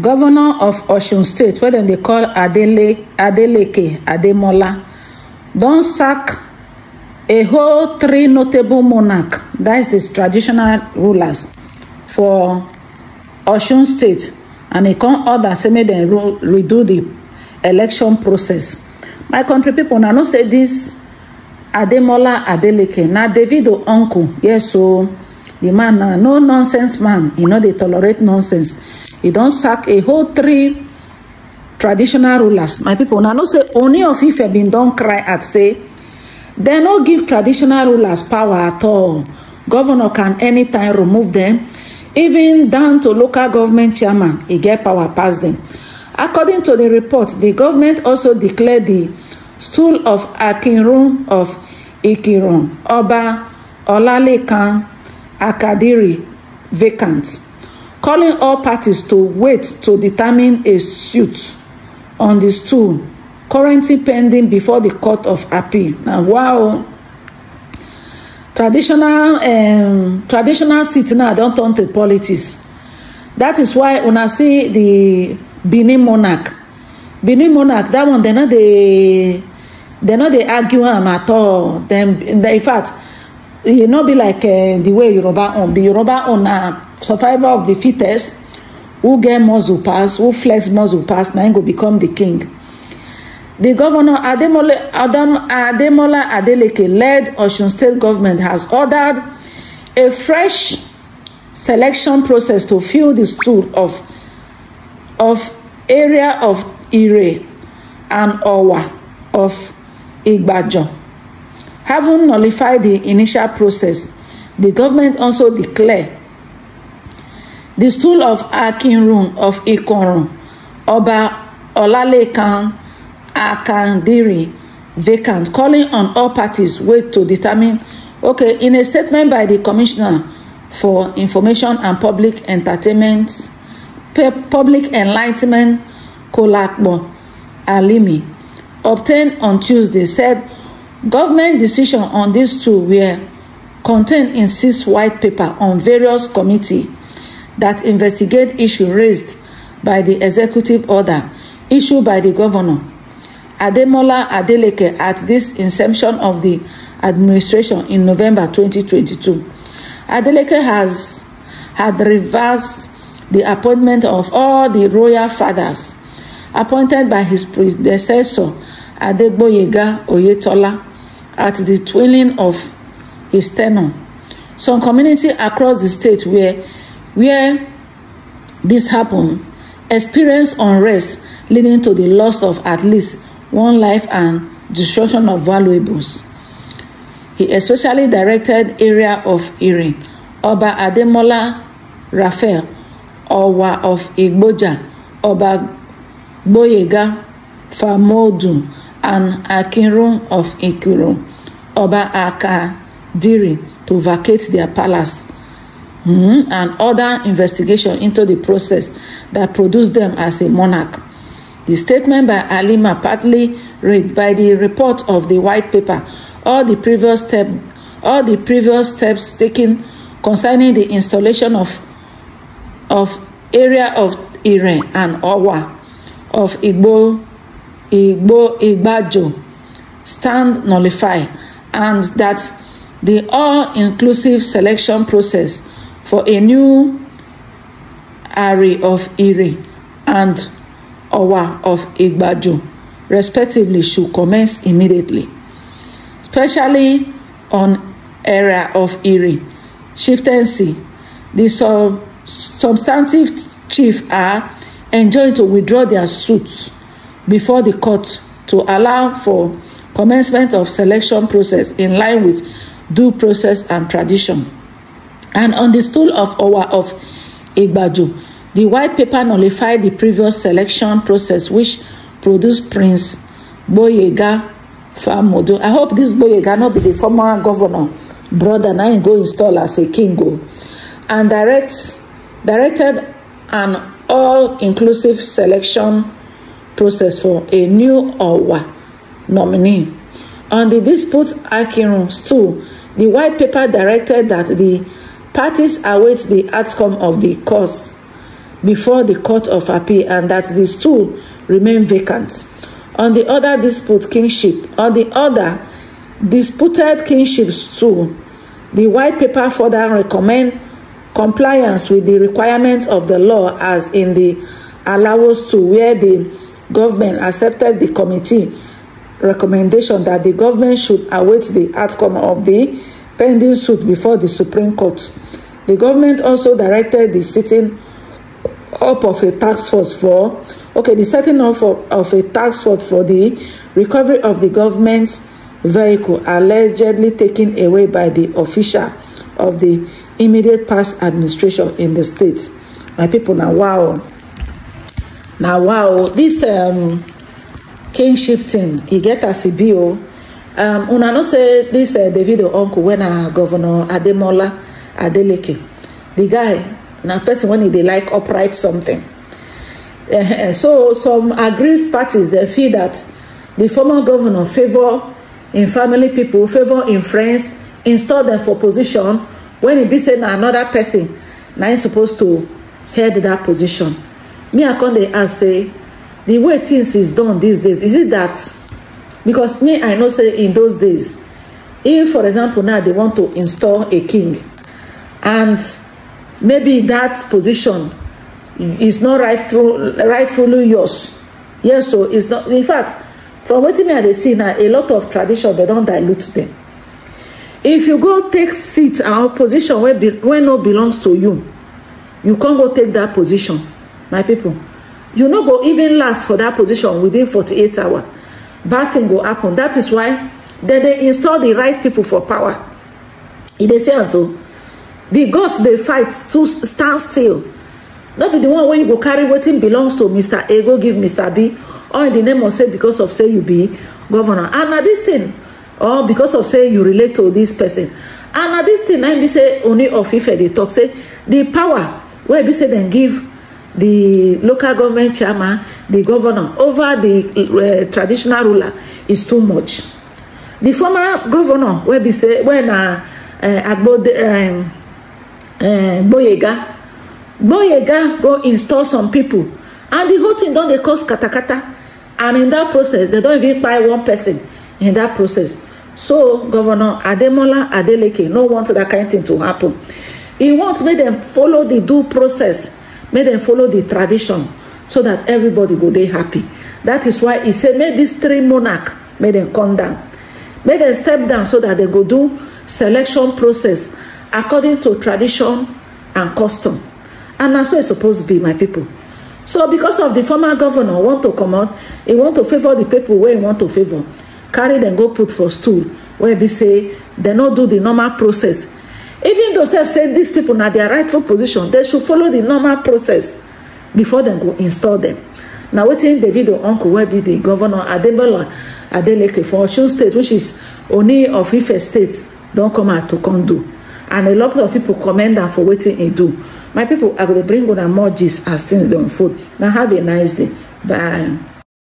governor of osun state wey dem dey call Adele adeleke ademola don sack a whole three notable monarch that is the traditional rulers for osun state and e come order say make dem redo the election process my country people, na know say this ademola adeleke na davido uncle yes o the man na no nonsense man e no dey tolerate nonsense e don sack a whole three traditional rulers my people. Now, no say oni of ife been don cry at say they no give traditional rulers power at all governor can anytime remove them, even down to local government chairman He get power pass them. according to the report the government also declared the stool of akinrun of ikirun oba olalekan akadiri vacant calling all parties to wait to determine a suit on the stool currently pending before the court of appeal na wow traditional um, traditional seat now don turn to politics that is why when I see the benin monarch benin monarch that one they're not dey they're not dey arguing at all dem in fact e no be like uh, the way yoruba own be yoruba own na ah, survivor of the fittest who get muscle pass who flex muscle pass na him go become the king the governor ademola adam ademola adeleke led osun state government has ordered a fresh selection process to fill the stool of of area of ire and owa of igbajan Having nullified the initial process, the government also declared the stool of Akinrun of Ikorun, Oba Olalekan Akandiri vacant, calling on all parties wait to determine. Okay, in a statement by the Commissioner for Information and Public Entertainment, Public Enlightenment Kolakbo Alimi, obtained on Tuesday, said Government decision on these two were contained in six white paper on various committee that investigate issue raised by the executive order issued by the governor Ademola Adeleke at this inception of the administration in November 2022. Adeleke has had reversed the appointment of all the royal fathers appointed by his predecessor Adegboyega Oyetola at the twilling of his tenure. Some communities across the state where where this happened experienced unrest leading to the loss of at least one life and destruction of valuables. He especially directed area of Irin, Oba Ademola Raphael, Owa of Igboja, Oba Boyega Famodun, and Akinrum of Ikirun Oba Akadiri to vacate their palace mm, and other investigation into the process that produced them as a monarch. The statement by Alima partly read by the report of the white paper, all the previous step, all the previous steps taken concerning the installation of of area of Iran and Owa of Igbo Igbo Igbajo stand nullified and that the all-inclusive selection process for a new area of Iri and Owa of Igbajo, respectively, should commence immediately, especially on area of Ire, chieftaincy. The sub substantive chief, are enjoined to withdraw their suits before the court to allow for commencement of selection process in line with due process and tradition. And on the stool of our of Igbaju, the white paper nullified the previous selection process which produced Prince Boyega Famodo. I hope this Boyega not be the former governor, brother, now I go install as a king go. Oh. And directs, directed an all-inclusive selection process for a new Owa nominee. On the dispute Akirun stool, the white paper directed that the parties await the outcome of the cause before the Court of Appeal and that the stool remain vacant. On the other dispute kingship, on the other disputed kingship stool, the white paper further recommend compliance with the requirements of the law as in the allowance to where the government accepted the committee recommendation that the government should await the outcome of the pending suit before the Supreme Court. The government also directed the sitting up of a task force for, okay, the setting up of, of a task force for the recovery of the government's vehicle allegedly taken away by the official of the immediate past administration in the state. My people, now wow. Now wow, this um King shifting, e get as e be o um, una know say dis uh, davido uncle wey na uh, governor ademola adeleke the guy na person wey e dey like upright something uh, so some aggrieved parties dey feel that the former governor favour im family pipo favour im friends install dem for position wen e be say na anoda pesin na im suppose to head dat position me i con dey ask say the way things is done these days is it that because me i know say in those days if for example now they want to install a king and maybe that position is not rightful, rightfully yours yes so it's not in fact from what me i see now a lot of tradition don't dilute them. if you go take seat our position where be wey no belongs to you you can't go take that position my people you no go even last for that position within forty-eight hours bad thing go happen That is why dem dey install the right people for power e dey say am so di gods dey fight to stand still no be the one wey you go carry wetin belongs to mr a go give mr b or in the name of say because of say you be governor and na this thing or because of say you relate to this person and na this thing na im be say oni of ife dey talk say the power wey be say dem give the local government chairman the governor over the uh, traditional ruler is too much the former governor wey be say wey na uh, eh, agbode um, gboyega eh, gboyega go install some people and the whole thing don dey cause katakata and in that process they don even kpai one person in that process so governor ademola adeleke no want that kind of thing to happen he want make dem follow the due process make dem follow the tradition so that everybody go dey happy That is why e say make these three monarch make dem come down make dem step down so that dem go do selection process according to tradition and custom and na so e suppose be my people. so because of the former governor want to comot e want to favour the people wey e want to favour carry dem go put for stool wey be say dem no do the normal process even though sef say dis pipo na dia rightful position dem should follow di normal process before dem go install dem na wetin davido uncle wey be di govnor adebola adeleke for osun state which is oni of ife state don come out to come do and a lot of pipo commend am for wetin e do my pipo i go dey bring una more gist as things dey unfold na have a nice day bye